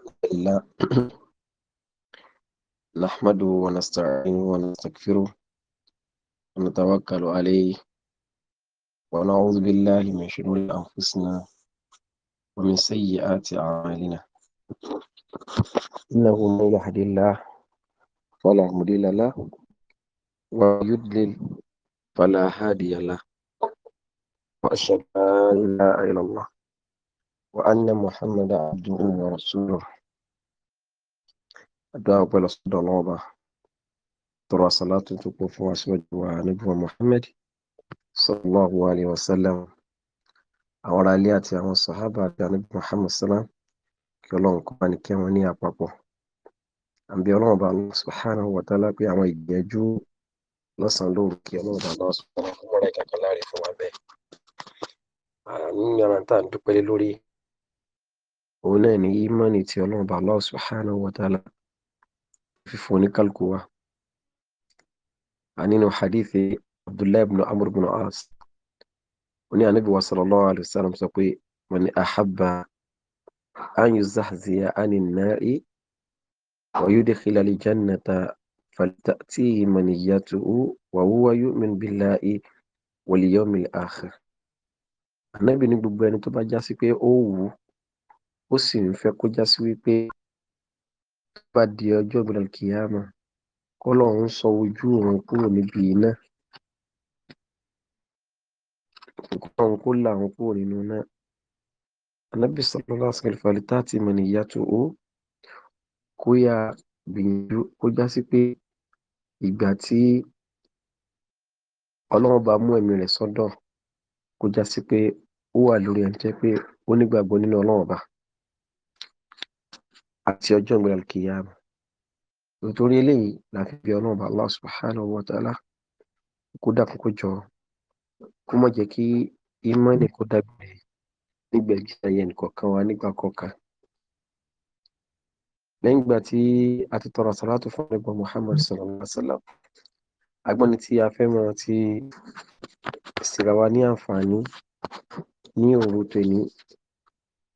الحمد لله نحمده ونستعينه ونستغفره ونتوكل عليه ونعوذ بالله من شرور أنفسنا ومن سيئات أعمالنا إنه من يهد الله فلا مضل له ويضلل فلا هادي له وأشهد أن لا إله إلا الله وأن محمد عبده ورسوله أدعو بلا صدى الله ترى صلاة تقف وأسود ونبوة محمد صلى الله عليه وسلم àwọn ará ilé àti àwọn sàhábà àti ànábì Muhammad sallam kí Ọlọ́run kó bá ní kí wọn ní àpapọ̀ àbí Ọlọ́run bá Allah subhanahu wa ta'ala pé àwọn ìgbẹ́jú lọ́sàn-án lóru kí Ọlọ́run bá Allah subhanahu wa ta'ala kó mọ̀rẹ́ kankan láre fún wa bẹ́ẹ̀. àmì yàrá tá à ń dúpẹ́ lé lórí òun náà ni ímánì tí ọlọ́run bá Allah subhanahu wa ta'ala fífún oníkálukú wa a nínú hadithi abdullahi ibn amr ibn as oní ànábì wa sallallahu alayhi wa sallam sọ pé man ahabba an yuzahziya anin nari wa yudkhila al-jannata فلتأتيه منيته وهو يؤمن بالله واليوم الآخر Ànábì ní gbogbo ẹni tó bá já pé ó wù ú ó sì ń fẹ́ kó já sí wípé tó bá di ọjọ́ ìgbàlè kìyàmà kọ́lọ́run sọ ojú òun kúrò níbi iná kọ́lọ́run kó là òun kúrò nínú iná anabi sallallahu alaihi wasallam falita ti mọ nìyá tó o kó yá gbìyànjú kó já sí pé ìgbà tí ọlọ́run bá mú ẹ̀mí rẹ̀ sọ́dọ̀ kó já sí pé ó wà lórí ẹni jẹ́ pé ó nígbàgbọ́ nínú ọlọ́run ọba àti ọjọ́ ìgbà kìyàmù nítorí eléyìí la bí ọlọ́run Allah subhanahu wa ta'ala kó dákun kó jọ kó má jẹ́ kí ìmọ̀ọ́nì kó dàgbére nígbà ìgbésí ayé nìkọ̀ọ̀kan wa nígbà kọ̀ọ̀kan lẹ́yìn ìgbà tí a ti tọrọ sàlátù fún ẹgbọ́n Muhammad sallallahu alaihi wa sallam agbọ́ni tí a fẹ́ mọ̀ ti sìrà wa ní àǹfààní ní òru tòní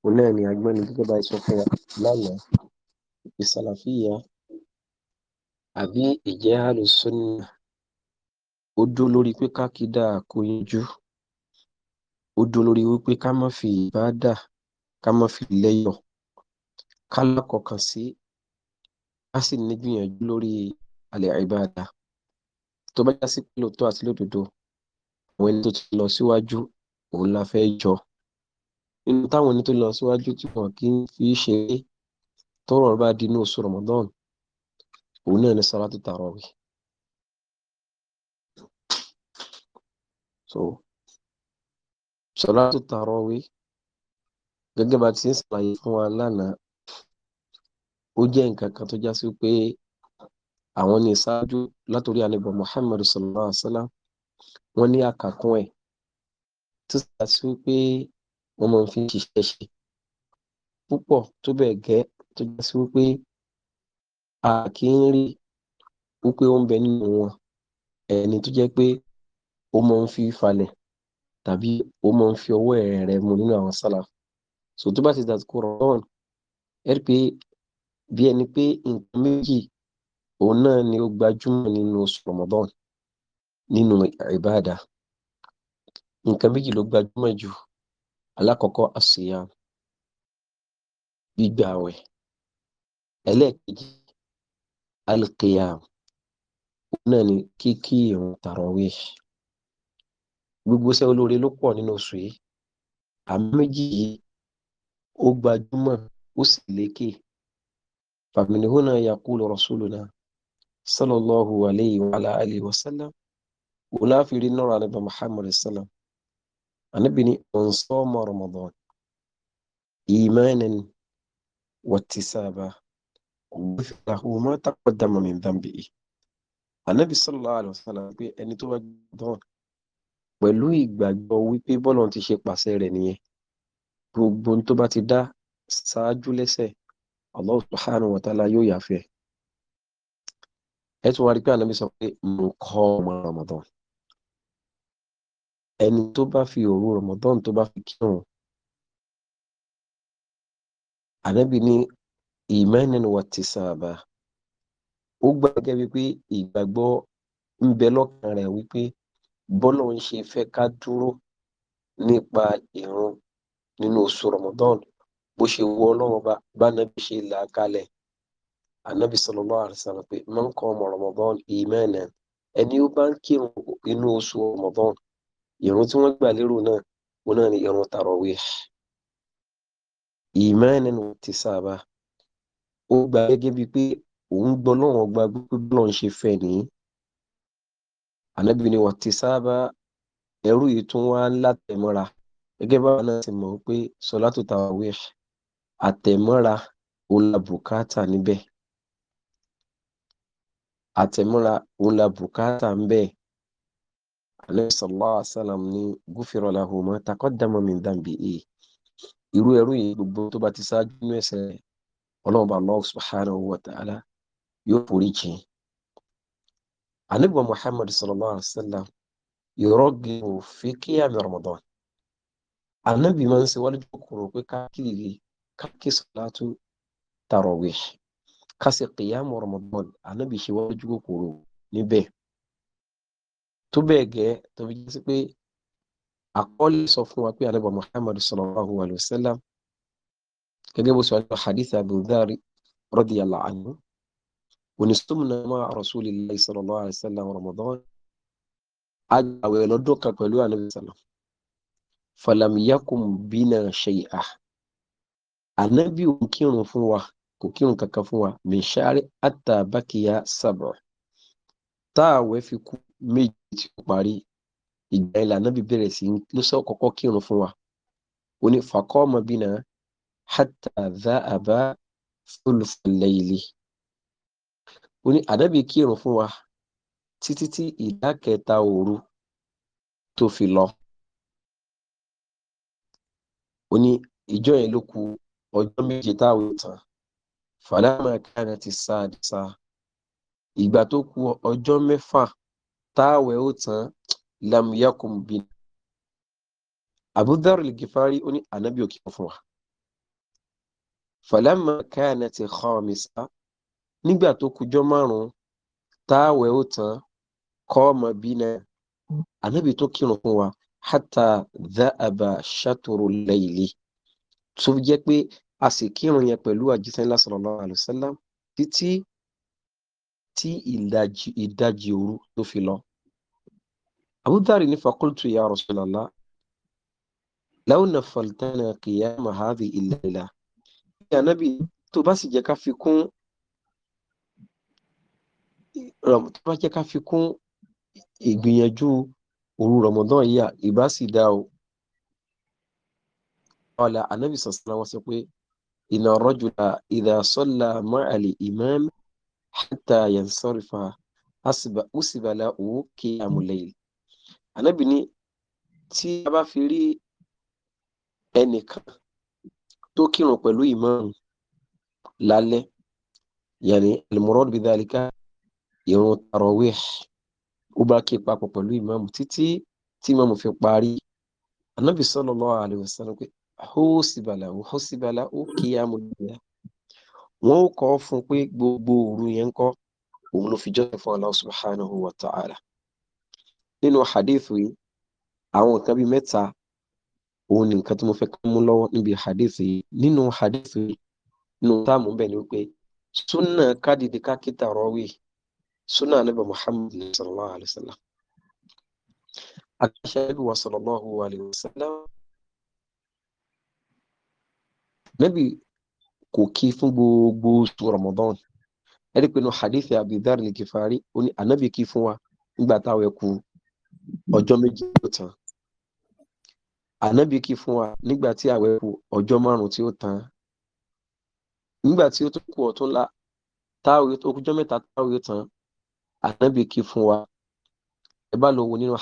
òun náà ni agbọ́ni gẹ́gẹ́ bá sọ fún wa lánàá ìsàlàfíà àbí ìjẹ́ àlùsọ́nà ó dó lórí pé kákídà kò yanjú ó dó lórí wípé ká má fi ìbáàdà ká má fi lẹ́yọ̀ ká lákọ̀ọ́kàn sí ká sì nígbìyànjú lórí àlẹ́ ìbáàdà tó bá já sí pé lóòótọ́ àti lódodo àwọn ẹni tó ti lọ síwájú òun la fẹ́ jọ inú táwọn ẹni tó lọ síwájú tí wọn kì í fi ṣe é tọrọ bá di inú oṣù Ramadan òun náà ní salatu tarawih so salatu tarawih gẹ́gẹ́ bá ti ń ṣàlàyé fún wa lánàá ó jẹ́ nǹkan kan tó já sí pé àwọn ní ìṣáájú látòrí àlebọ Muhammad sallallahu alaihi wa sallam wọ́n ní àkàkún ẹ̀ tó sì sí pé wọ́n máa ń fi ṣiṣẹ́ ṣe púpọ̀ tó bẹ́ẹ̀ gẹ́ tó já sí wípé a kì í rí wípé ó ń bẹ nínú wọn ẹni tó jẹ́ pé ó máa ń fi falẹ̀ tàbí ó máa ń fi ọwọ́ rẹ̀ mu nínú àwọn sálàf so tó bá ti dàsìkò rọ̀ọ́n ẹ rí pé bí ẹni pé nǹkan méjì òun náà ni ó gbajúmọ̀ nínú oṣù Ramadan nínú ìbáàdà nǹkan méjì ló gbajúmọ̀ jù alákọ̀ọ́kọ́ àsìyá gbígbà àwẹ̀ ẹlẹ́ẹ̀kejì alìkìyà náà ni kíkí ìrun tàrọ̀wé gbogbo iṣẹ́ olóore ló pọ̀ nínú oṣù yìí àmì méjì yìí ó gbajúmọ̀ ó sì lékè fàmìlìhónà yakulu rasuluna sallallahu alayhi wa alihi wa sallam òun láfi rí nọ́ra nípa muhammad sallam Ànábì ní man رمضان Ramadan imanan wahtisaba ghufira تقدم من taqaddama min dhanbihi. الله sallallahu alaihi wasallam pé ẹni tó bá gbọ́dọ̀ pẹ̀lú ìgbàgbọ́ wípé bọ́lọ̀ ti ṣe pàṣẹ rẹ̀ nìyẹn gbogbo tó bá ti dá ṣáájú lẹ́sẹ̀ Allah subhanahu wa yóò yàfẹ́ ẹ tún wá rí pé ànábì sọ pé mo kọ́ ọmọ Ramadan ẹni tó bá fi òru rọmọdán tó bá fi kírun anabi ni ìmánìyàn wà ti sáàbà ó gbà gẹ́gẹ́ wípé ìgbàgbọ́ ń bẹ lọ́kàn rẹ̀ wípé bọ́lọ̀ ń ṣe fẹ́ ká dúró nípa ìrun nínú oṣù rọmọdán bó ṣe wọ ọlọ́run bá bánabi ṣe là á kalẹ̀ ànábì sallallahu alaihi wasallam pé ìrun tí wọ́n gbà lérò náà òun náà ni ìrun tarawih imanan wahtisaba ó gbà gẹ́gẹ́ bíi pé òun gbọ́ lọ́wọ́n gba gbogbo bí wọ́n ṣe fẹ́ nìyí ànábì ni wahtisaba ẹrú yìí tún wá látẹ̀mọ́ra gẹ́gẹ́ báwọn náà ti mọ̀ pé salatu tarawih àtẹ̀mọ́ra òun la bùkátà níbẹ̀ àtẹ̀mọ́ra òun la bùkátà níbẹ̀ alẹ́ sallallahu alaihi wasallam ní gufira lahu ma taqaddama min dhanbihi irú ẹrú yìí gbogbo tó bá ti ṣáájú nínú ẹ̀ṣẹ̀ Ọlọ́run bá Allah subhanahu wa ta'ala yóò forí jì anabi Muhammad sallallahu alaihi wasallam ìrọ́gì òfin kíyàmì Ramadan anabi máa ń ṣe wálé jókòrò pé káàkiri káàkiri sọlátú tarawih kásì kíyàmù Ramadan anabi ṣe wálé jókòrò níbẹ̀ tó bẹ́ẹ̀ gẹ́ tó fi jẹ́ sí pé àkọọ́lẹ̀ sọ fún wa pé ànábì muhammadu sallallahu alayhi wa sallam gẹ́gẹ́ bó sọ nínú hadith abu dhar radiyallahu anhu onistumna ma rasulillahi sallallahu alayhi wa sallam ramadan àgbàwẹ̀ lọ́dún kan pẹ̀lú ànábì sallam falam yakun bina shay'a ànábì ò kírun fún wa kò kírun kankan fún wa min shari atta táàwẹ̀ fi kú méjì tí kò parí ìgbà yẹn lànà bí bẹ̀rẹ̀ sí ló sọ kọ́kọ́ kírun fún wa ó ní faqama bina hatta dha'aba thulthul layli ó ní ànábì kírun fún wa títí tí ìdá kẹta òru tó fi lọ ó ní ìjọ yẹn ló ku ọjọ́ méje táwọn tán falamma kanati sadisa ìgbà tó ku ọjọ́ mẹ́fà táwẹ̀ ó tán lam yakum bin abudar al-gifari ó ní ànábì òkè fún wa falamma kanat khamisa nígbà tó kújọ́ márùn-ún táwẹ̀ ó tán qama bina ànábì tó kírun fún wa hatta dha'aba shatru layli tó jẹ́ pé a sì kírun yẹn pẹ̀lú àjíṣẹ́ ńlá sallallahu alaihi wasallam títí tí ìdajì ìdajì òru tó fi lọ abudari ní fakultu ya rasulallah launa faltana qiyama hadhi ilayla ya nabi tó bá sì jẹ́ ká fi kún tó bá jẹ́ ká fi kún ìgbìyànjú òru ramadan yíya ìbá sì dá o ọ̀la anabi sallallahu alaihi pé inna rajula idha salla ma'al hátà yansọ́rìfà usibala owó kí amúlẹ́yìn anábì ní tí a bá fi rí ẹnìkan tó kírun pẹ̀lú ìmáàmù lálẹ́ yàní alimurad bidalika ìrun tarawih ó bá kí papọ̀ pẹ̀lú ìmáàmù títí tí ìmáàmù fi parí anábì sallallahu alaihi wasallam pé hósìbàlà ó hósìbàlà ó kí amúlẹ́yìn wọ́n ó kọ́ fún pé gbogbo òru yẹn kọ́ òun ló fi jọ́sìn fún Allah subhanahu wa ta'ala nínú hadith yìí àwọn nǹkan bíi mẹ́ta òun ni nǹkan tí mo fẹ́ kọ́ mú lọ́wọ́ níbi hadith yìí nínú hadith yìí nínú táàmù bẹ́ẹ̀ ni wípé sunna kádìdì kákítà rọ́wì sunna anabi muhammad sallallahu alayhi wa sallam akíṣẹ́ ibi wa sallallahu alayhi wa kò kí fún gbogbo oṣù Ramadan ẹ rí i pé inú hadith abidhar ní kifari ó ní ànábì kí fún wa nígbà táwọn ẹkù ọjọ́ méjì tó tán ànábì kí fún wa nígbà tí àwọn ẹkù ọjọ́ márùn tí ó tán nígbà tí ó tó táwọn táwọn tán kí fún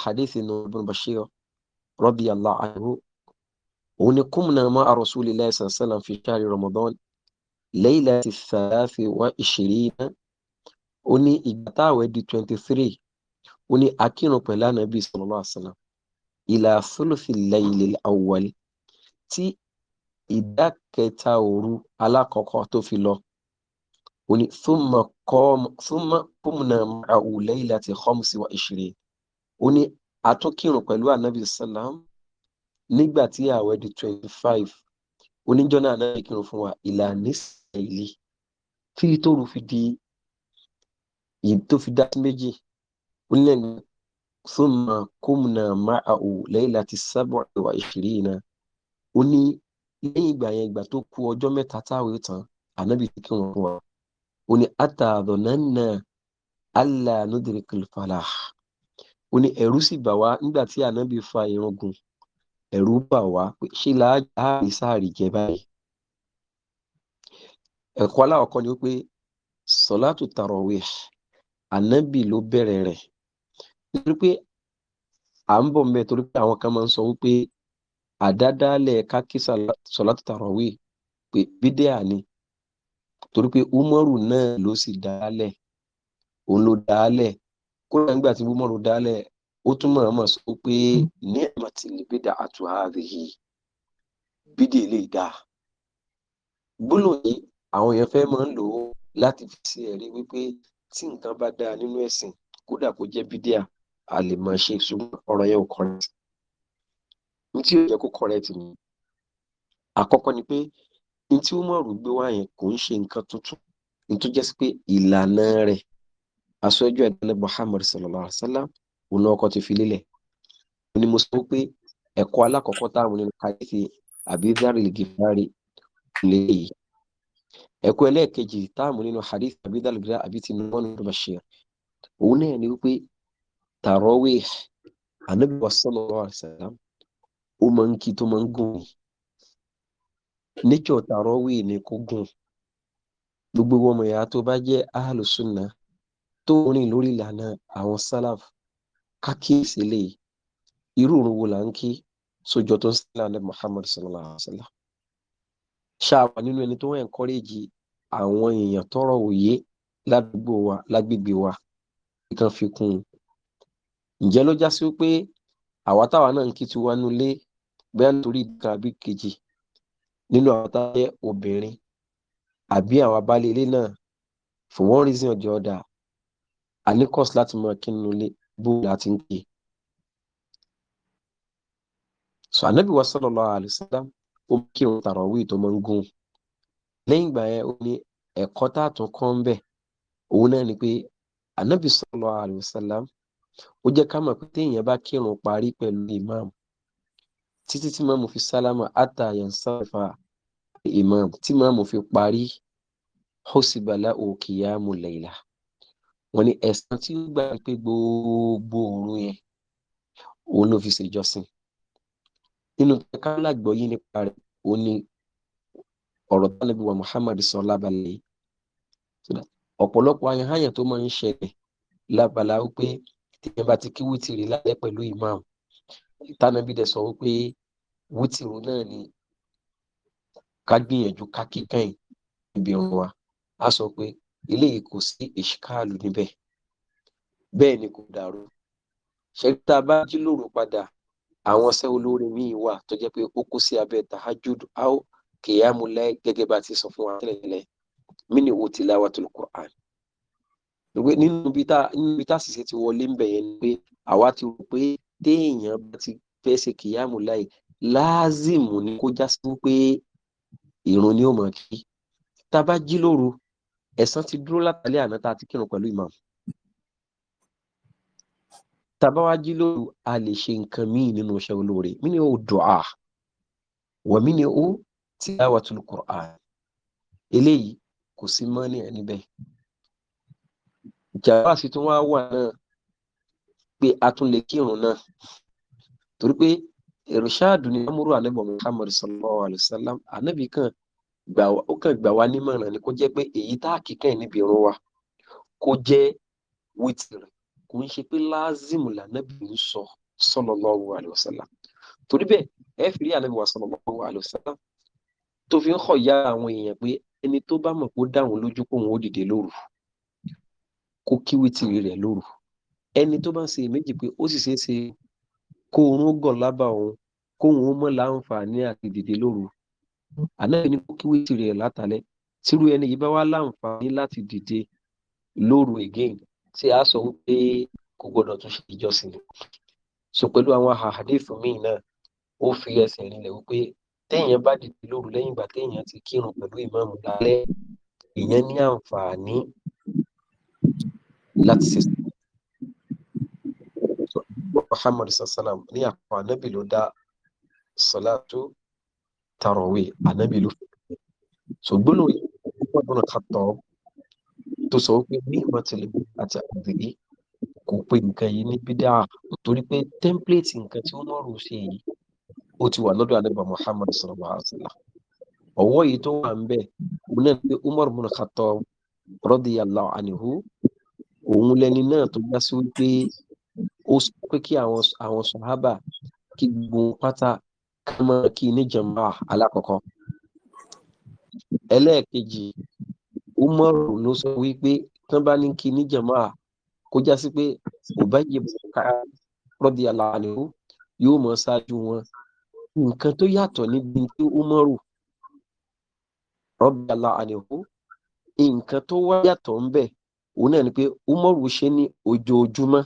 hadith inú lẹ́yìnlá ti sàáfì wá ìṣeré iná ó ní ìgbà táwẹ̀ di twenty three ó ní akírun pẹ̀lú ànábì sọlọ́lá àṣàlá ìlà sólùfì lẹ́yìnlẹ̀ àwọ̀wálé tí ìdá kẹta òru alákọ̀ọ́kọ́ tó fi lọ ó ní súnmọ́ kọ́mùnà àwù lẹ́yìnlá ti khamsi wá ìṣeré ó ní atúnkírun pẹ̀lú ànábì sọlọ́lá nígbà tí àwẹ̀ di twenty five oníjọ́ náà náà fún wa ìlà nísì ilé tírì tóru fi di tó fi dá sí méjì ó ní ẹgbẹ́ thumma qumna ma'ahu laylati sab'i wa ishirina ó ní lẹ́yìn ìgbà yẹn ìgbà tó kù ọjọ́ mẹ́ta táwé tán ànábì tí kí wọ́n wá ó ní hatta dhananna alla nudrikil falah ó ní ẹ̀rù sì bà wá nígbà tí ànábì fa irun gùn ẹ̀rù bà wá ṣé láàárín sáàrì jẹ báyìí ẹ̀kọ́ aláwọ̀kọ́ ni wípé sọ́látù tarawih ànábì ló bẹ̀rẹ̀ rẹ̀ nítorí pé à ń bọ̀ mẹ́ torí pé àwọn kan máa ń sọ wípé àdádálẹ̀ kákí sọ́látù tarawih pé bídíà ni torí pé Umaru náà ló sì dálẹ̀ òun ló dálẹ̀ kódà nígbà tí Umaru dálẹ̀ ó tún mọ̀ọ́mọ̀ sọ pé ní àmàtí lè bí dà àtúhà lè dáa gbólóyìn àwọn èèyàn fẹ́ máa ń lò ó láti fi ṣe ẹ̀rí wípé tí nǹkan bá dáa nínú ẹ̀sìn kódà kó jẹ́ bídíà a lè máa ṣe ṣùgbọ́n ọ̀rọ̀ yẹn ò correct ní tí ò yẹ kó correct ni àkọ́kọ́ ni pé ní tí ó mọ̀rù gbé wá yẹn kò ń ṣe nǹkan tuntun ní tó jẹ́ sí pé ìlànà rẹ̀ aṣojú ẹ̀dánlẹ̀ Muhammad sallallahu alaihi wa sallam òun náà ọkọ̀ ti fi lélẹ̀ ó ní mo sọ pé ẹ̀kọ́ alákọ̀ọ́kọ́ táwọn nínú kàdéfì àbí dárìlì gífárì lè yìí ẹ̀kọ́ ẹlẹ́ẹ̀kejì táàmù nínú hadith abidalgra abiti nuwanu bashir òun náà ni wípé tàrọwé anabi sallallahu alaihi wasallam ó máa ń kí tó máa ń gùn níjọ tàrọwé ni kó gùn gbogbo ọmọ ìyá tó bá jẹ́ ahlùsùnà tó rìn lórí ìlànà àwọn sálàf kákíyèsí lè irú òun wo là ń kí sójọ tó ń sílẹ̀ anabi muhammad sallallahu alaihi wasallam ṣáà nínú ẹni tó ń encourage àwọn èèyàn tọrọ òye ládùúgbò wa lágbègbè wa nǹkan fi kún un ǹjẹ́ ló já sí pé àwa táwa náà ń kí tiwa nulé bẹ́ẹ̀ nítorí ìdíkan àbí kejì nínú àwọn tá a jẹ́ obìnrin àbí àwọn abálé ilé náà for one reason or the other a ní course láti mọ kí nulé bó láti ń kí. so anabi wa sallallahu alayhi wa sallam ó kí òun tàràwí tó máa ń gùn lẹ́yìn ìgbà yẹn ó ní ẹ̀kọ́ tá a tún kọ́ ń bẹ̀ òun náà ni pé anabi sallallahu alaihi wasallam ó jẹ́ ká mọ̀ pé téèyàn bá kírun parí pẹ̀lú imam títí tí màmú fi sálámà àtà yansarifa imam tí màmú fi parí hósìbàlá òkìyà mùlẹ̀yìlá wọ́n ní ẹ̀san tí ó gbà pé gbogbo òru yẹn òun ló fi ṣèjọ́sìn nínú kálágbọ́ yìí nípa rẹ̀ ó ní ọ̀rọ̀ tálẹ́bí wa Muhammad sọ lábalẹ̀ yìí ọ̀pọ̀lọpọ̀ ayanhayan tó máa ń ṣẹlẹ̀ lábala wípé tíyẹn bá ti kí wítìrì lálẹ́ pẹ̀lú imam tánàbí dẹ̀ sọ wípé wítìrì náà ni ká gbìyànjú ká kíkàn níbi ọ̀run wa a sọ pé eléyìí kò sí ìṣkáàlù níbẹ̀ bẹ́ẹ̀ ni kò dàrú ṣẹ́rí tá a bá jí lóru padà àwọn iṣẹ́ olóore míì wà tó jẹ́ pé ó kó sí abẹ́ tahajud aw kìyàmù láì gẹ́gẹ́ bá ti sọ fún wa tẹ́lẹ̀tẹ́lẹ̀ mini wo tilawatul Qur'an nínú bí tá ṣiṣẹ́ ti wọlé ń bẹ̀ yẹn ni pé àwa ti rò pé téèyàn bá ti fẹ́ ṣe kìyàmù láàzìmù ni kó já sí wípé ìrun ni ó mọ̀ kí tá a bá jí lóru ẹ̀san ti dúró látàlẹ́ àná tá a ti kírun pẹ̀lú ìmáàmù tàbá wá jí lóru a lè ṣe nǹkan míì nínú iṣẹ́ olóore mí ni ó dùá wà mí ni ó tilawatul Qur'an eléyìí kò sí mọ́ ní ẹni bẹ́ẹ̀ jàmbá sì tún wá wà náà pé a tún lè kírun náà torí pé ìrìnṣáàdù ni amúrú ànábọ̀ Muhammad sallallahu alayhi wa sallam ànábì kan ó kàn gbà wá nímọ̀ràn ni kó jẹ́ pé èyí tá a kíkàn níbi irun wa kó jẹ́ wítìrì kò ń ṣe pé láàzìmù lànàbì ń sọ sallallahu alaihi wasallam torí bẹ́ẹ̀ ẹ fi rí ànàbì wa sallallahu alaihi wasallam tó fi ń kọ̀ ya àwọn èèyàn pé ẹni tó bá mọ̀ pé ó dáhùn lójú pé òun ó dìde lóru kó kí wítìrì rẹ̀ lóru ẹni tó bá ń ṣe méjì pé ó sì ṣeé ṣe kó oorun gàn lábà òun kóun ó mọ̀ láǹfààní àti dìde lóru ànábì ní kó kí wítìrì rẹ̀ látàlẹ́ tírú ẹni yìí bá wá láǹfààní láti dìde lóru again tí a sọ wípé kò gbọdọ̀ tún ṣe ìjọsìn so pẹ̀lú àwọn hadith míì náà ó fi ẹsẹ̀ rinlẹ̀ wípé téèyàn bá dìde lóru lẹ́yìn ìgbà téèyàn ti kírun pẹ̀lú ìmáàmù lálẹ́ èèyàn ní àǹfààní láti ṣe Muhammad sallam ní àpò anábì ló dá salatu tarawih anábì ló fi ṣògbónú ìgbà tó ń kàtọ́ tó sọ pé ní ìmọ̀tẹ̀lẹ̀ àti àgbèrè kò pe nǹkan yìí ní bídà torí pé tẹ́ḿpìlẹ̀tì nǹkan tí Umaru ṣe yìí ó ti wà lọ́dọ̀ àdébà Muhammad sallallahu alaihi wasallam ọwọ́ yìí tó wà ń bẹ̀ òun náà pé Umar bin Khattab radiyallahu anhu òun lẹni náà tó gbá sí wípé ó sọ pé kí àwọn sàhábà kí gbogbo pátá kí ní jàmáà alákọ̀ọ́kọ́ ẹlẹ́ẹ̀kejì Umaru ló sọ wípé tán bá ní kí ní jamaa kó já sí pé Ubayy ibn Ka'b radiyallahu anhu yóò mọ ṣáájú wọn nǹkan tó yàtọ̀ níbi tí umar radiyallahu anhu nǹkan tó wá yàtọ̀ ń bẹ òun náà ni pé umar ṣe ní ojoojúmọ́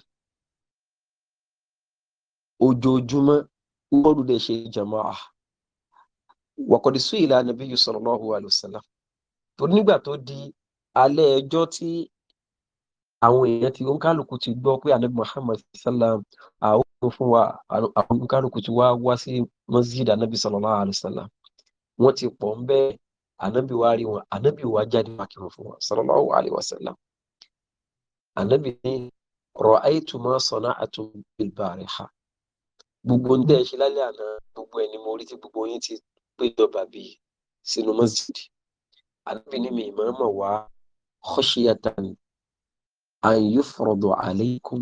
ojoojúmọ́ umar dẹ̀ ṣe jamaa waqad su'ila nabiyyu sallallahu alaihi wasallam torí nígbà tó di alẹ́ ẹjọ́ tí àwọn èèyàn ti oníkálukú ti gbọ́ pé anabi muhammad sallam àwọn fún wa àwọn oníkálukú ti wá wá sí masjid anabi sallallahu alayhi wa sallam wọ́n ti pọ̀ ń bẹ́ẹ̀ anabi wa rí wọn anabi wa jáde wá kí wọn fún wa sallallahu alayhi wa sallam anabi ní ra'aytu ma sana'atu bil bariha gbogbo ń tẹ̀ ṣe lálẹ́ àná gbogbo ẹni mo rí tí gbogbo yín ti péjọ bàbí sínú masjid àbí ní mi ìmọ̀ọ́mọ̀ wá khashiyatan an yufradu alaykum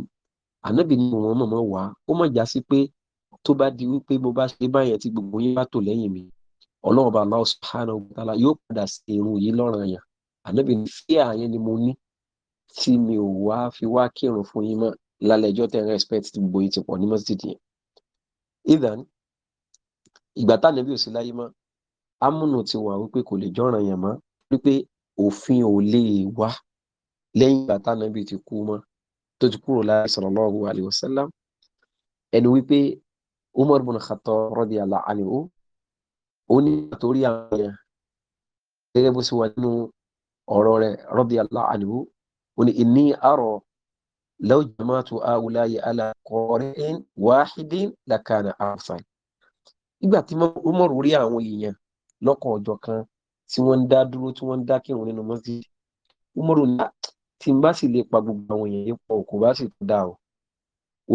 ànábì ní wọn mọ̀mọ́ wá ó mọ̀ já sí pé tó bá di wípé mo bá ṣe báyẹn tí gbogbo yín bá tò lẹ́yìn mi ọlọ́run bá Allah subhanahu wa ta'ala yóò padà sí irun yìí lọ́ranyàn ànábì ní fíà yẹn ni mo ní tí mi ò wá fi wá kírun fún yín mọ́ lálẹ́ ẹjọ́ tẹ̀ respect tí gbogbo yín ti pọ̀ ní mọ́sítìdì yẹn. idan ìgbà tá ànábì ò sí láyé mọ́ ti wà wípé kò lè jọ́ràn yẹn mọ́ wípé òfin ò lè wá lẹ́yìn ìgbà tánábì ti kú mọ́ tó ti kúrò láì sallallahu alaihi wasallam ẹni wípé Umar bin Khattab radiyallahu anhu ó ní àtòrí àwọn èèyàn gẹ́gẹ́ bó ṣe wà nínú ọ̀rọ̀ rẹ̀ radiyallahu anhu ó ní inni ara law jama'tu ha'ula'i ala qari'in wahidin lakana ahsan. nígbà tí Umar rí àwọn èèyàn lọ́kọ̀ kan tí wọ́n ń dá dúró tí wọ́n ń dá kírun nínú mọ́sídìí umaru ní ah, tí n bá sì lè pa gbogbo àwọn èèyàn yìí pọ̀ kò bá sì dá o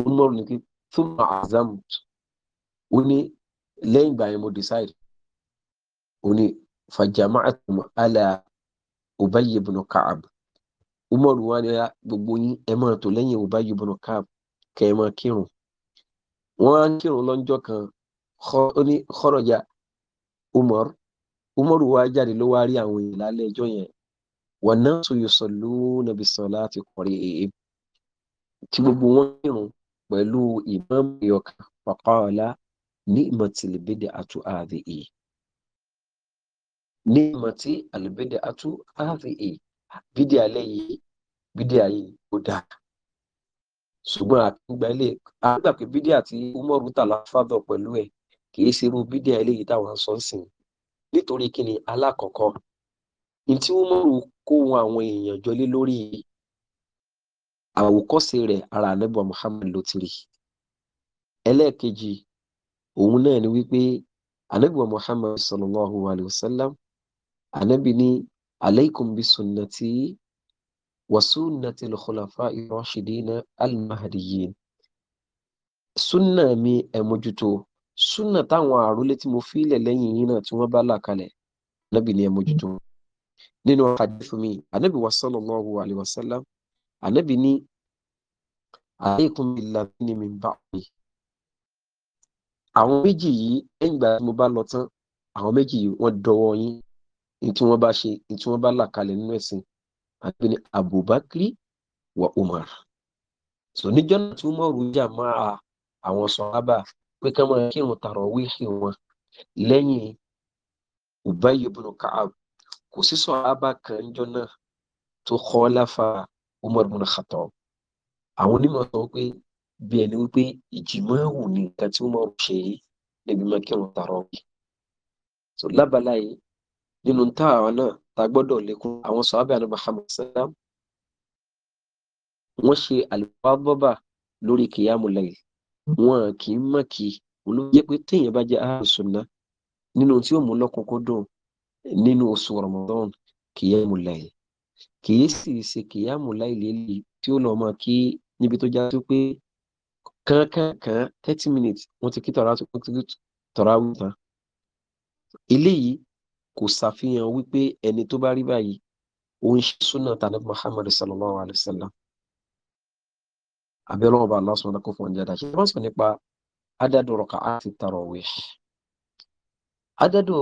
umaru ní kí fún azamu ó ní lẹ́yìn ìgbà yẹn mo decide ó ní fàjàmáàtùm àlà Ubayy ibn Ka'ab umaru wa ni ah, gbogbo yín ẹ máa tó lẹ́yìn Ubayy ibn Ka'ab kẹ́ ẹ máa kírun wọ́n á kírun lọ́jọ́ kan ó ní kharaja Umar umaru wa jáde ló wá rí àwọn èèyàn lálẹ́ ẹjọ́ yẹn wọn náà tó yọ sọlú nàbí sọlá ti kọrí èé tí gbogbo wọn kírun pẹ̀lú ìmáàmù ìyọkà pàpàọlá ní ìmọtì lèbèdè àtú àdè èé ní ìmọtì àlèbèdè àtú àdè èé bídí alẹ́ yìí bídí ayé ó dáa ṣùgbọ́n àtúgbà ilé bídí àti umaru tàlàfàdọ̀ pẹ̀lú ẹ̀ kì í ṣe irú bídí ilé yìí táwọn sọ nítorí kíni alákọ̀ọ́kọ́ ní tí Umaru kó àwọn èèyàn jọ lé lórí àwòkọ́ṣe rẹ̀ ara ànábì Muhammad ló ti rí ẹlẹ́ẹ̀kejì òun náà ni wípé ànábì Muhammad sallallahu alayhi wa sallam ànábì ní alaykum bi sunnati wa sunnati al-khulafa ar sunna mi ẹ mójútó súnà táwọn àrólé tí mo fílẹ̀ lẹ́yìn yìí náà tí wọ́n bá là kalẹ̀ nábì ni ẹ mójútó nínú hadith mi anábì wa sallallahu alayhi wa sallam anábì ní alaykum billadhina min ba'di àwọn méjì yìí ẹ̀yìn ìgbà tí mo bá lọ tán àwọn méjì yìí wọ́n dọwọ́ yín ní tí wọ́n bá ṣe ní tí wọ́n bá là kalẹ̀ nínú ẹ̀sìn anábì ní abubakri wa umar so níjọ́ náà tí umaru jà máa àwọn sọ̀hábà pé ká máa kírun tàràwíhì wọn lẹ́yìn Ubay ibn Ka'ab kò sí sọ̀hábà kan jọ náà tó khalafa Umar ibn Khattab àwọn onímọ̀ sọ pé bí ẹni wípé ìjìmọ̀ ẹ̀wù ni nǹkan tí Umar ṣe yìí níbi máa kírun tàràwíhì so lábala yìí nínú tá àwọn náà ta gbọ́dọ̀ lékún àwọn sọ̀hábà àná Muhammad sallam wọ́n ṣe àlùfáà lórí kìyàmù layl wọn kì í mọ̀ kí olóyè jẹ́ pé téèyàn bá jẹ́ àlùsùnà nínú tí ó mú lọ́kùnkúndùn nínú oṣù Ramadan kìyàmù láyé kìí sì ṣe kìyàmù láyé lélẹ̀ tí ó lọ́ mọ̀ kí níbi tó já sí pé kankankan thirty minutes wọ́n ti kí tọ́ra wí tán eléyìí kò ṣàfihàn wípé ẹni tó bá rí báyìí ó ń ṣe súnà tàbí Muhammad sallallahu alayhi wa sallam abẹ́lẹ́ ọba Allah subhanahu kó fún dáadáa ṣe wọ́n sọ nípa adadu raka'ati tarawih adadu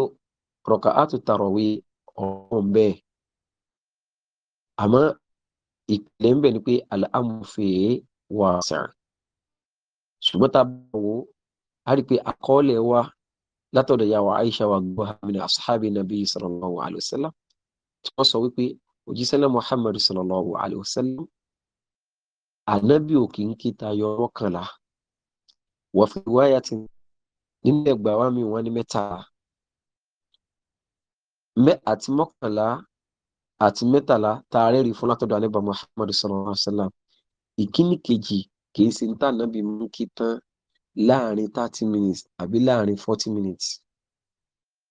raka'ati tarawih ọ̀hún bẹ́ẹ̀ àmọ́ ìpìlẹ̀ ń bẹ̀ ni pé al-amfi wasi'an ṣùgbọ́n tá a bá wo a rí i pé àkọọ́lẹ̀ wa látọ̀dọ̀ ìyá wa Aisha wa gbọ́ hamina asahabi nabi sallallahu alayhi wa sallam tí wọ́n sọ wípé òjíṣẹ́ Muhammadu sallallahu alayhi wa sallam ànábì ò kì í kí tayọ mọ́kànlá wọ́n fi wáyà ti nínú ẹgbà wá mi wọ́n ní mẹ́ta àti mọ́kànlá àti mẹ́tàlá tá a rẹ́rìí fún látọ̀dọ̀ ànábì muhammadu sallallahu alayhi wa sallam ìkíní kejì kìí ṣe níta ànábì mú kí tán láàrin thirty minutes àbí láàrin forty minutes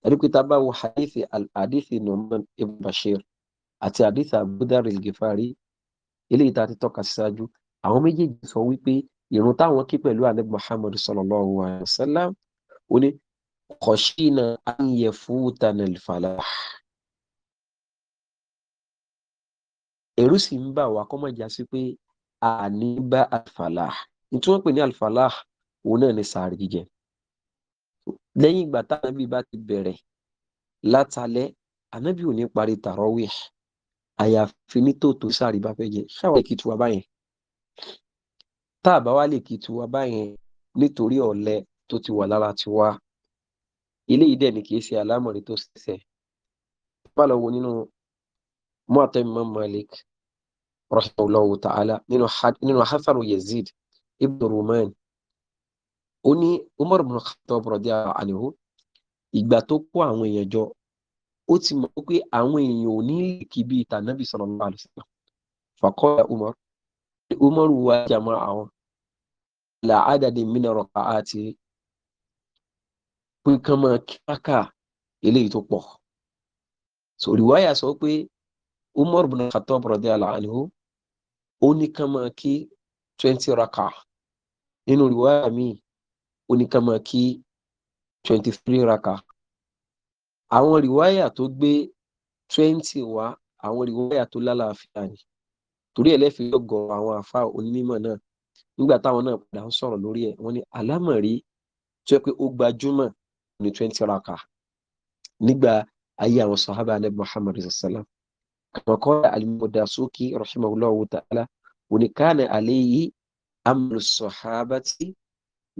ẹni pé tá a bá wo hadithi al-hadithi numan ibn bashir àti hadithi abudar al eléyìí tá a ti tọ́ka síwájú àwọn méjèèjì sọ wípé ìrun táwọn kí pẹ̀lú anabi muhammad sallallahu alayhi wa sallam ó ní kọ̀ṣínà ayẹ fúutana falah. ẹ̀rù sì ń bà wá kọ́mọ̀já sí pé àní bá alfalah nítorí wọ́n pè ní alfalah òun náà ní sàárì jíjẹ lẹ́yìn ìgbà tánábì bá ti bẹ̀rẹ̀ látàlẹ́ ànábì ò ní parí tàrọ́wì àyàfi nítòótọ́ sàárì bá fẹ́ jẹ ṣáwọn èkìtì wa báyẹn tá a bá wá lè kí tiwa báyẹn nítorí ọ̀lẹ tó ti wà lára tiwa eléyìí dẹ̀ ni kì í ṣe àlámọ̀rí tó ṣẹ̀ṣẹ̀ bá lọ wo nínú muwatta Imam Malik rahimahullahu ta'ala nínú hasaru Yazid ibn Ruman ó ní Umar ibn Khattab radiyallahu anhu ìgbà tó kó àwọn èèyàn jọ ó ti mọ̀ pé àwọn èèyàn ò ní lè kí bí ìtànàbì sallallahu alaihi wasallam faqala Umar umaru wa jama'ahum la adadin min raka'ati pé kán máa kíákà eléyìí tó pọ̀ so riwaya sọ pé umar bin khattab radiyallahu anhu ó ní kán máa kí twenty raka nínú riwaya míì ó ní kán twenty three raka àwọn riwaya tó gbé twenty wá àwọn riwaya tó lálàáfíà ni torí ẹ̀ lẹ́fì lọ́gọ̀ àwọn àfa onímọ̀ náà nígbà táwọn náà padà ń sọ̀rọ̀ lórí ẹ̀ wọ́n ní àlámọ̀rí tó yẹ pé ó gbajúmọ̀ ní twenty raka nígbà ayé àwọn sahaba alẹ́ muhammad sallam àwọn kọ́ra alimọ̀dàsókè rahimahullahu ta'ala oníkànnì àléyìí amúlù sahabati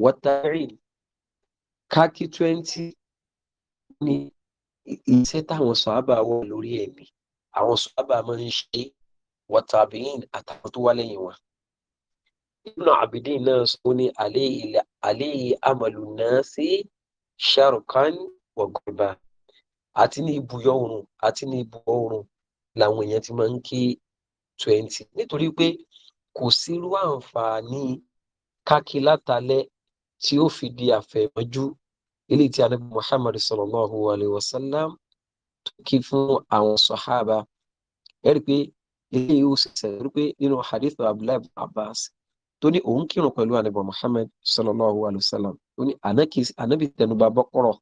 wọ́tàrín káàkì twenty ní iṣẹ́ táwọn sahaba wọ̀ lórí ẹ̀mí àwọn sahaba máa ń ṣe wàtàbíyìn àtàwọn tó wá lẹ́yìn wọn. Ibn Abidin náà sọ ní àléyé amalu náà sí sharukan wọ̀gbọ̀nba àti ní ibùyọ̀ oòrùn àti ní ibùyọ̀ oòrùn làwọn èèyàn ti máa ń kí twenty nítorí pé kò sírú àǹfààní kákí látàlẹ́ tí ó fi di àfẹ̀mọ́jú eléyìí tí anabi Muhammad sallallahu alayhi wa sallam tó kí fún àwọn sàhábà ẹ rí i pé eléyìí ó sì ṣẹlẹ̀ wípé nínú hadith abdullahi ibn abbas tó ní òun kírun pẹ̀lú ànábì muhammed sallallahu alayhi wa sallam tó ní ànábì tẹnuba bọ́kọ̀rọ̀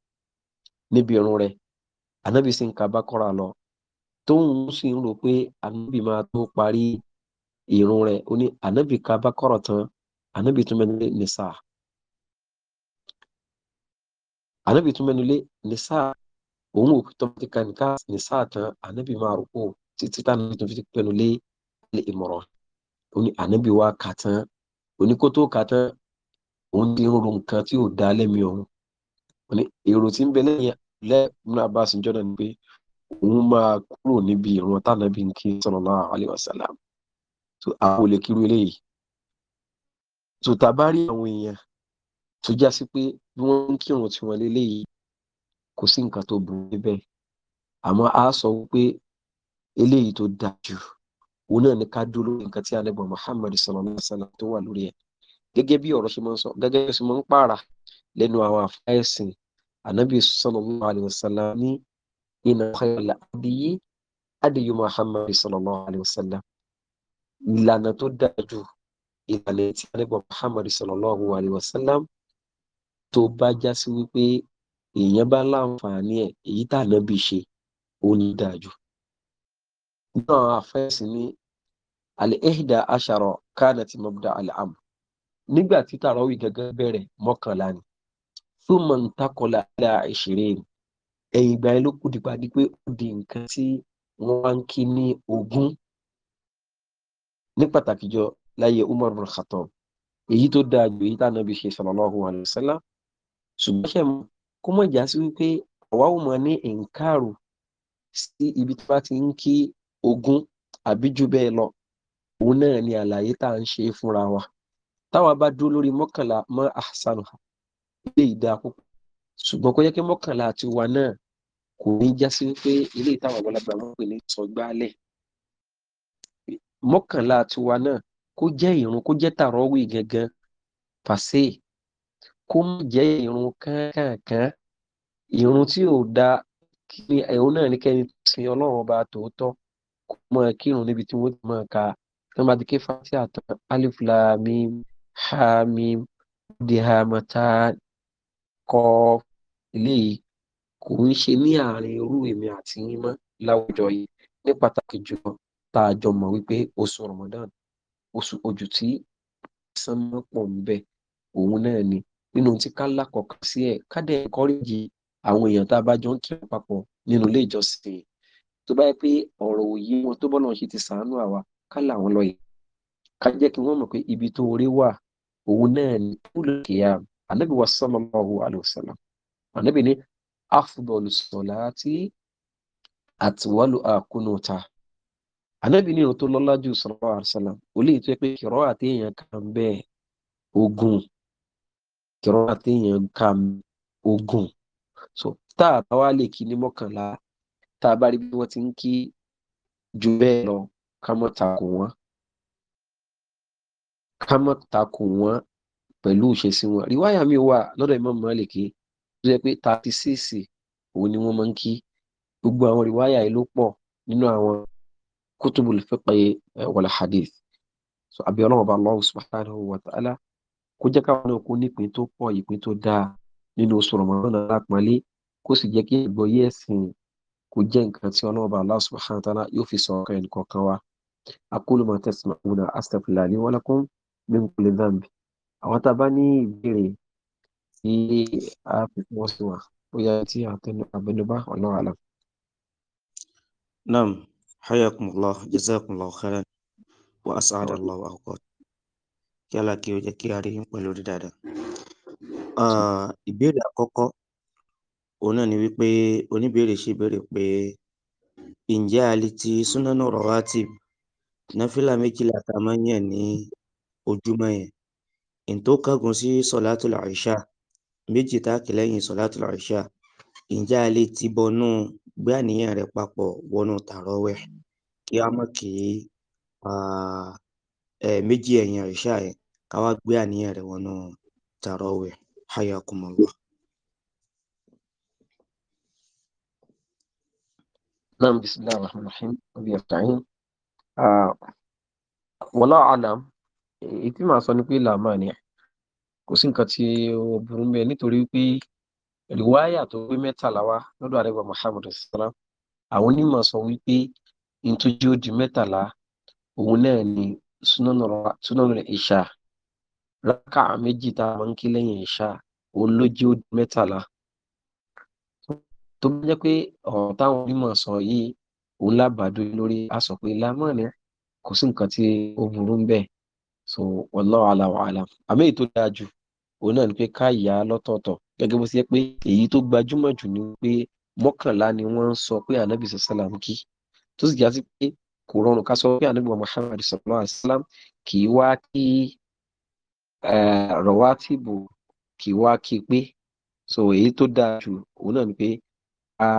níbi irun rẹ̀ ànábì sì ń ka bákọ́ra lọ tóun sì ń rò pé ànábì máa tó parí irun rẹ̀ ó ní ànábì ka bákọ́rọ̀ tán ànábì tún mẹ́nu lé nìsà ànábì tún mẹ́nu lé nìsà òun ò tó ti ka nìka nìsà tán ànábì máa rò pé títí táwọn tó fi pẹnu lé lé ìmọ̀ràn oní ànábì wa kà tán oníkótó kà tán òun ti ń ro nǹkan tí ò dá lẹ́mi ọ̀hún oní èrò tí ń bẹ lẹ́yìn lẹ́yìn Abbas jọ́nà ni pé òun máa kúrò níbi ìran tánàbí ń kí sallallahu alaihi wasallam tó àwọn olè kiri eléyìí tó tá bá rí àwọn èèyàn tó já sí pé bí wọ́n ń kírun tiwọn léléyìí kò sí nǹkan tó burú níbẹ̀ àmọ́ a sọ wípé eléyìí tó dáa jù òun náà ni ká dúró lórí nǹkan tí alẹ́gbọ̀n Muhammad sallallahu alaihi wasallam tó wà lórí ẹ̀ gẹ́gẹ́ bí ọ̀rọ̀ ṣe máa ń sọ gẹ́gẹ́ bí ó ṣe máa ń pààrà lẹ́nu àwọn àfáìsìn ànábì sallallahu alaihi wasallam ní inna khayral adìyí adìyí Muhammad sallallahu alaihi wasallam ìlànà tó dáa jù ìlànà tí alẹ́gbọ̀n Muhammad sallallahu alaihi wasallam tó bá já sí wípé èèyàn bá láǹfààní ẹ̀ èyí tá ànábì náà àwọn afẹ́sìn ní al-ihda ashara kanat mabda al-amr nígbà tí tàràwì gẹ́gẹ́ bẹ̀rẹ̀ mọ́kànlá ni thumma intaqala ila ishirin ẹ̀yìn ìgbà yẹn ló kù dìgbà di pé ó di nǹkan tí wọ́n wá ń kí ní ogún ní pàtàkì jọ láyé Umar bin Khattab èyí tó dáa ju èyí tánà bí ṣe sallallahu alaihi ṣùgbọ́n ṣe kó mọ̀ já wípé àwa ò mọ̀ ní ìǹkàrù sí ibi tí wọ́n ti ń kí ogún àbí jù bẹ́ẹ̀ lọ òun náà ni àlàyé tá à ń ṣe fúnra wa táwa bá dúró lórí mọ́kànlá mọ́ àṣàlù ilé ìdá púpọ̀ ṣùgbọ́n kó jẹ́ pé mọ́kànlá àti wa náà kò ní já sí pé ilé ìtawà àgbàlagbà wọn pè ní sọgbálẹ̀ mọ́kànlá àti wa náà kó jẹ́ ìrun kó jẹ́ tàrọ́wì gangan pàṣẹ kó mọ̀ jẹ́ ìrun kánkànkán ìrun tí ò da kí ni ẹ̀hún náà ní kẹ́ni sin ọlọ́run ọba tòótọ́ kó máa kírun níbi tí wọ́n ti máa ka tí wọ́n bá àtàn alif lam mim ha dihamata kọf eléyìí kò ń ṣe ní àárín irú èmi àti yín mọ́ láwùjọ yìí ní pàtàkì jùlọ tá a jọ mọ̀ wípé oṣù Ramadan oṣù ojú tí sánmọ́ pọ̀ ń bẹ òun náà ni nínú tí ká lákọ̀ọ́kọ́ sí ẹ̀ ká dẹ̀ kọ́rìjì àwọn èèyàn tá a bá jọ ń kírun papọ̀ nínú ilé ìjọsìn tó bá yẹ pé ọ̀rọ̀ òye wọn tó bọ́lọ̀ ṣe ti sàánú àwa ká làwọn lọ yìí ká jẹ́ kí wọ́n mọ̀ pé ibi tó orí wà òun náà ní olùkìyà ànábì wa sallallahu alaihi wasallam ànábì ní afdol salati àtiwálù àkúnúta ànábì ní ìrùn tó lọ́lá jù sallallahu alaihi wasallam olè tó yẹ pé kìrọ́ àti èèyàn kan bẹ́ẹ̀ ogun kìrọ́ àti èèyàn kan ogun tá a bá wá lè kí ní mọ́kànlá tá a bá rí bí wọ́n ti ń kí ju bẹ́ẹ̀ lọ ká má takò wọ́n ká má takò wọ́n pẹ̀lú ìṣesí wọn rìwáyà mi wà lọ́dọ̀ Imam Maliki tó jẹ́ pé thirty six òun ni wọ́n máa ń kí gbogbo àwọn rìwáyà yìí ló pọ̀ nínú àwọn kutubul fiqh eh, wal hadith so àbí ọlọ́run bá Allah subhanahu wa ta'ala kó jẹ́ káwọn náà kó nípìn tó pọ̀ ìpín tó dáa nínú oṣù Ramadan lápọ́nlé kó sì jẹ́ kí ìgbọ́yé ẹ̀sìn kó jẹ́ nǹkan tí ọlọ́run bá Allah subhanahu wa ta'ala yóò fi sọ̀rọ̀ ẹnì kọ̀ọ̀kan wa aqulu ma tasma'una astaghfirullah li wa lakum min kulli dhanbi àwọn tá a bá ní ìbéèrè tí a fi fún sí wa ó yẹ tí àbẹnubá wallahu a'lam. naam hayakumullah jazakumullah khairan wa as'adallahu awqat kí alákìí ó jẹ́ kí a rí yín pẹ̀lú orí dáadáa. Ah, ìbéèrè àkọ́kọ́ òun náà ni wípé oníbèrè ṣe béèrè pé ǹjẹ́ a lè ti súnánù rawatib náfìlà méjìlá tá a máa ń yàn ní ojúmọ́ yẹn ìn tó kángun sí sọ̀látùl àìṣà méjì tá a kì lẹ́yìn sọ̀látùl àìṣà ǹjẹ́ a lè ti bọnú gbé àníyàn rẹ̀ papọ̀ wọnú tàrọ́wẹ̀ kí a mọ̀ kí méjì ẹ̀yìn àìṣà yẹn ká gbé àníyàn rẹ̀ wọnú tàrọ́wẹ̀ hayakumullah. نعم بسم الله الرحمن الرحيم وبه نستعين wọlá alam èyí tí màá sọ ni pé làmà ni kò sí nǹkan tí ó burú mbẹ nítorí pé rìwáyà tó pé mẹ́tàlá wá lọ́dọ̀ àrẹ́gbà Muhammadu sallam àwọn onímọ̀ sọ wípé nítorí ó di mẹ́tàlá òun náà ni súnánù ìṣà rákà méjì tá a máa ń kí lẹ́yìn ìṣà òun ló jẹ́ ó di mẹ́tàlá tó bá jẹ́ pé ọ̀rọ̀ táwọn onímọ̀ sọ yìí òun lábàádó lórí a sọ pé lámọ̀ ni kò sí nǹkan tí ó burú ń bẹ̀ so wallahu ala wa alam àmì èyí tó dáa jù òun náà ni pé ká yà á lọ́tọ̀ọ̀tọ̀ gẹ́gẹ́ bó ṣe pé èyí tó gbajúmọ̀ jù ni pé mọ́kànlá ni wọ́n ń sọ pé ànábì sàlám kí tó sì já sí pé kò rọrùn ká sọ pé ànábì Muhammad sallallahu alaihi kì í wá kí rọwátìbù kì í wá kí pé so èyí tó dáa jù òun náà ni pé ká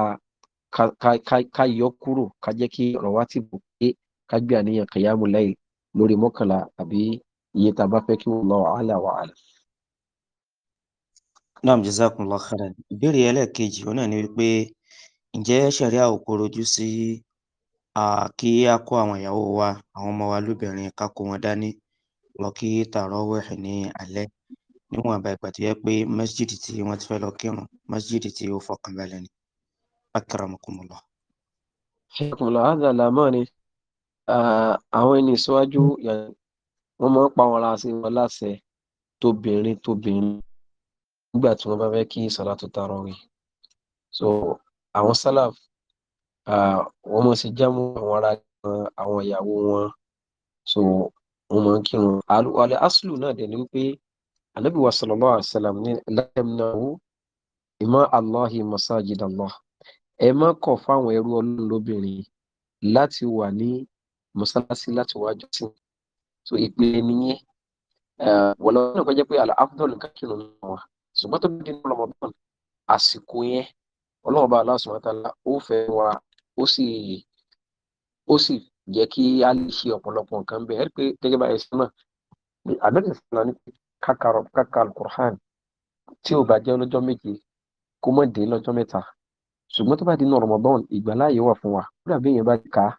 ká ká yọ kúrò ká jẹ́ kí ọ̀rọ̀ wa ti bò pé ká gbé àníyàn kìyàmù láyì lórí mọ́kànlá àbí iye tá a bá fẹ́ kí wọ́n lọ wàhálà wàhálà. naam jazakumullah khairan ìbéèrè ẹlẹ́ẹ̀kejì ó náà ni wípé ǹjẹ́ ṣẹ̀ríà kò sí kí a kó àwọn ìyàwó wa àwọn ọmọ wa lóbìnrin ká kó wọn dání lọ kí tàràwíhì ní alẹ́ níwọ̀n ìgbà tó yẹ pé masjid tí wọ́n ti fẹ́ lọ kírun masjid tí ó fọkànbalẹ̀ ni akramakum Allah. ṣèkùnlá àdá làmọ́ni àwọn ẹni ìṣíwájú wọ́n máa ń pa wọn láṣẹ wọn láṣẹ tóbìnrin tóbìnrin nígbà tí wọ́n bá fẹ́ kí sàlátù tarawih so àwọn sálàf wọ́n máa ṣe jámù àwọn ará àwọn ìyàwó wọn so wọ́n máa ń kírun alẹ́ aslu náà dẹ̀ ni wípé anabi wa sallallahu alaihi wa sallam ní láyé náà wò ìmọ̀ allahi masajid allah ẹ má kọ̀ fáwọn ẹrú ọlọ́run lóbìnrin láti wà ní mọ́sálásí láti wá jọ́sìn so ìpele nìyẹn wọ̀lọ́ náà kọjá pé afdol kákìnnù náà wà ṣùgbọ́n tó dín ní Ramadan àsìkò yẹn ọlọ́run bá Allah subhanahu wa ta'ala ó fẹ́ wa ó sì ó sì jẹ́ kí a lè ṣe ọ̀pọ̀lọpọ̀ nǹkan bẹ́ẹ̀ ẹ́ pé gẹ́gẹ́ bá ẹ̀sìn náà àbẹ̀tẹ̀ fúnra ní kàkà Al-Qur'an tí ò bá jẹ́ lọ́jọ́ méje kó mọ̀ dé lọ́jọ́ mẹ́ta ṣùgbọ́n tó bá di Ramadan ìgbàláyè wà fún wa kódà bí èèyàn bá kà á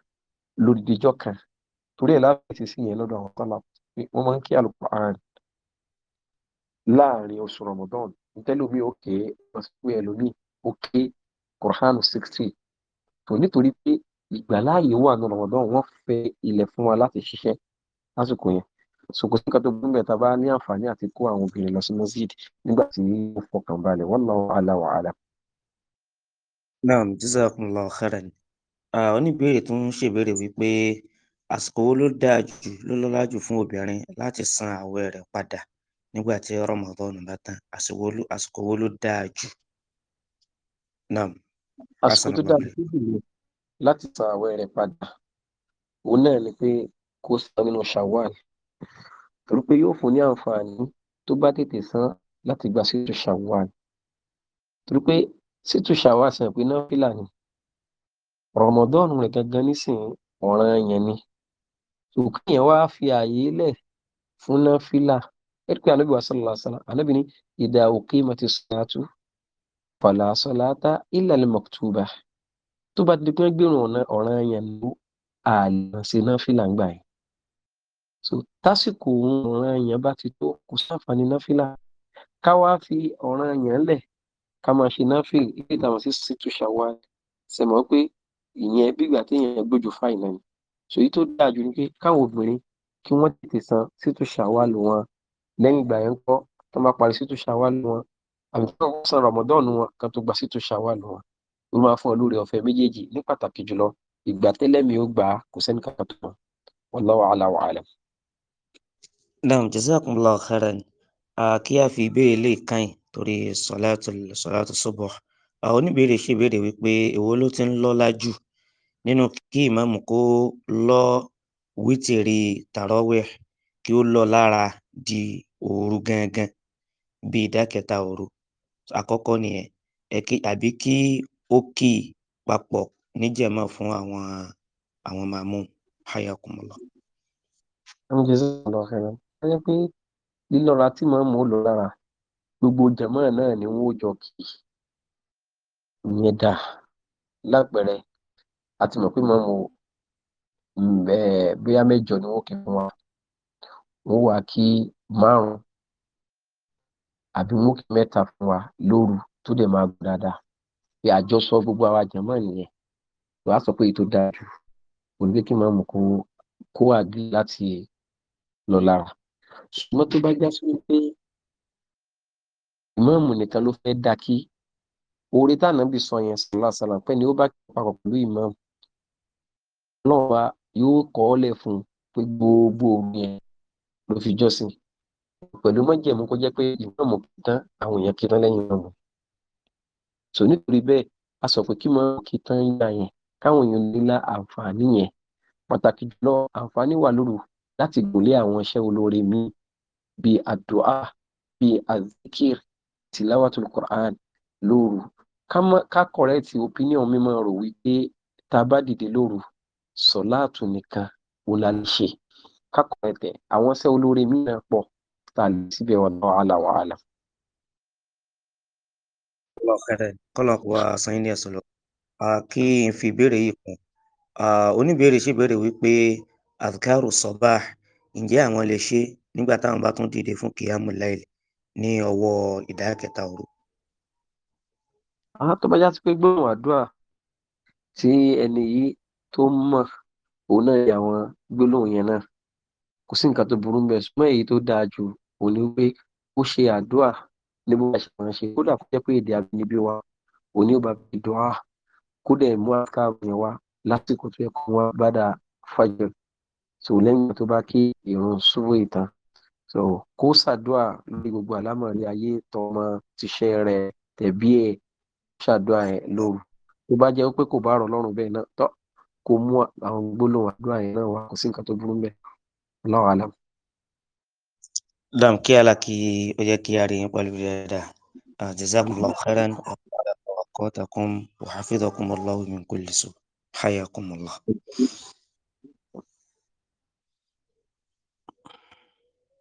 lódìdíjọ́ kan torí ẹ̀ láti ṣe sí yẹn lọ́dọ̀ àwọn tọ́lá pé wọ́n máa ń kí Al-Qur'an láàrin oṣù Ramadan ntẹ́lómi òkè ọ̀sùn ẹlòmíì òkè Qur'an sixty tó nítorí pé ìgbàláyè wà ní Ramadan wọ́n fẹ́ ilẹ̀ fún wa láti ṣiṣẹ́ lásìkò yẹn sòkò sí nǹkan tó tá a bá ní àǹfààní àti kó àwọn obìnrin lọ sí mọ́sídìí nígbà tí ó fọkàn balẹ̀ wallahu ala wa ala. Naam, jazakumullahu khairan. Ah, oníbéèrè tún ń ṣèbéèrè wípé àsìkò wo ló dáa jù ló lọ́lá jù fún obìnrin láti san ààwẹ̀ rẹ̀ padà nígbà tí Ramadan bá tán? Àsìkò wo ló àsìkò wo ló dáa jù? Naam, Àsìkò Hasan tó dára Bamri. tó jù lọ láti san ààwẹ̀ rẹ̀ padà, òun náà ni pé kó san nínú Shawwal. Torí pé yóò fún ní àǹfààní tó bá tètè san láti gba sí Shawwal. Torí pé sítú ṣàwá sàn pé náfìlà ni rọmọdọ́ọ̀nù rẹ̀ gangan nísìnyí ọ̀ràn yẹn ni òkè yẹn wá fi ààyè lẹ̀ fún náfìlà ẹ̀dùkú ànábì wa sọ̀rọ̀ lásánà ànábì ní ìdá òkè mọ̀tì sọ̀tù fala salata illa al-maktuba tó bá ti pín gbèrò ọ̀ràn yẹn ló àlè sí náfìlà ń gbà yẹn so tásìkò ọ̀ràn yẹn bá ti tó kò sáfà ní náfìlà ká wá fi ọ̀ràn yẹn lẹ̀ ká máa ṣe náfìlì ilé ìtàwọn sí sítú ṣàwáì sẹ̀mọ́ pé ìyẹn bígbà téèyàn gbójú fáìnà ni so èyí tó dáa jù ni pé káwọn obìnrin kí wọ́n tètè san sítú ṣàwáì wọn lẹ́yìn ìgbà yẹn kọ́ tó máa parí sítú ṣàwáì wọn àbí kí wọ́n san rọ̀mọ́dọ́ọ̀nù wọn kan tó gba sítú ṣàwáì wọn ló máa fún olóore ọ̀fẹ́ méjèèjì ní pàtàkì jùlọ ìgbà tẹ́lẹ̀mí ó gbà á kò sẹ́ni kankan tó mọ̀ wallahu ala wa alam. kí a fi ìbéèrè lè kàn yín torí sọláàtù sọláàtù sọbọ àwọn oníbèrè ṣe ìbéèrè wípé èwo ló ti ń lọ́lá jù nínú kí ìmáàmù kó lọ wítìrì tàrọwẹ kí ó lọ lára di òru gangan bí ìdá kẹta òru àkọ́kọ́ nìyẹn ẹkí àbí kí ó kì í papọ̀ níjẹ̀mọ́ fún àwọn àwọn màmú hayakumọlọ. ẹnjẹ sọ lọ ẹran ẹ jẹ pé lílọra tí màmú ó lọ lára gbogbo jàmọ́ náà ni wọ́n jọ kì í ìyẹn dà lápẹẹrẹ a ti mọ̀ pé mọ́ mo bóyá mẹ́jọ ni wọ́n kì í fún wa wọ́n wá kí márùn-ún àbí mẹ́ta fún wa lóru tó dẹ̀ máa gùn gbogbo àwa nìyẹn sọ pé kó ìmáàmù nìkan ló fẹ́ dá kí oore tànàbì sọ yẹn sàlá sàlá pẹ́ ni ó bá papọ̀ pẹ̀lú ìmáàmù ọlọ́run wa yóò kọ́ ọ lẹ̀ fún pé gbogbo òun yẹn ló fi jọ́sìn pẹ̀lú mọ́jẹ̀mú kó jẹ́ pé ìmáàmù kì í tán àwọn èèyàn kì í tán lẹ́yìn ìmáàmù so nítorí bẹ́ẹ̀ a sọ pé kí máa kì í yẹn káwọn èèyàn nílá àǹfààní yẹn pàtàkì jùlọ àǹfààní wà lóru láti gòlé àwọn iṣẹ́ olóore míì bíi àdúà bíi azikir tilawatul Qur'an lóru ká correct opinion mi máa rò wípé tá a bá dìde lóru sọ̀láàtù nìkan ò la lè ṣe ká correct ẹ̀ àwọn iṣẹ́ olóore mi pọ̀ tá lè síbẹ̀ wọn náà wàhálà wàhálà. kọ́lọ́kù wa san yín ní ẹ̀sùn lọ kí n fi ìbéèrè yìí kún oníbèrè ṣì béèrè wípé azkaru sabah ǹjẹ́ àwọn lè ṣe nígbà táwọn bá tún dìde fún kìyàmù láìlì ní ọwọ́ ìdá kẹta òru. àwọn tó bá já sí pé gbóhùn àdúrà tí ẹni yìí tó mọ̀ òun náà yà wọn gbólóhùn yẹn náà kò sí nǹkan tó burú bẹ́ẹ̀ ṣùgbọ́n èyí tó dáa jù òun ni pé ó ṣe àdúrà ní bó bá ṣe máa ṣe kódà kó jẹ́ pé èdè abínibí wa òní ò bá fi dùn á kódà ìmú àkàrò yẹn wá lásìkò tó yẹ kó wọn bá dáa fàjọ tò lẹ́yìn tó bá kí ìrun ṣubú ìtàn so kó ṣàdúà lórí gbogbo àlámọ̀rí ayé tọmọ tiṣẹ́ rẹ̀ tẹ̀bí ẹ̀ ṣàdúà ẹ̀ lóru tó bá jẹ́ pé kò bá rọ̀ lọ́rùn bẹ́ẹ̀ náà tọ́ kó mú àwọn gbólóhùn àdúrà yẹn náà wá kò sí nǹkan tó burú bẹ́ẹ̀ lọ́wọ́ àlám. dam kí ala kí ó yẹ kí a rí yín pẹ̀lú dáadáa jazakumullahu khairan wa qatakum wa hafidhakumullahu min kulli su hayakumullah.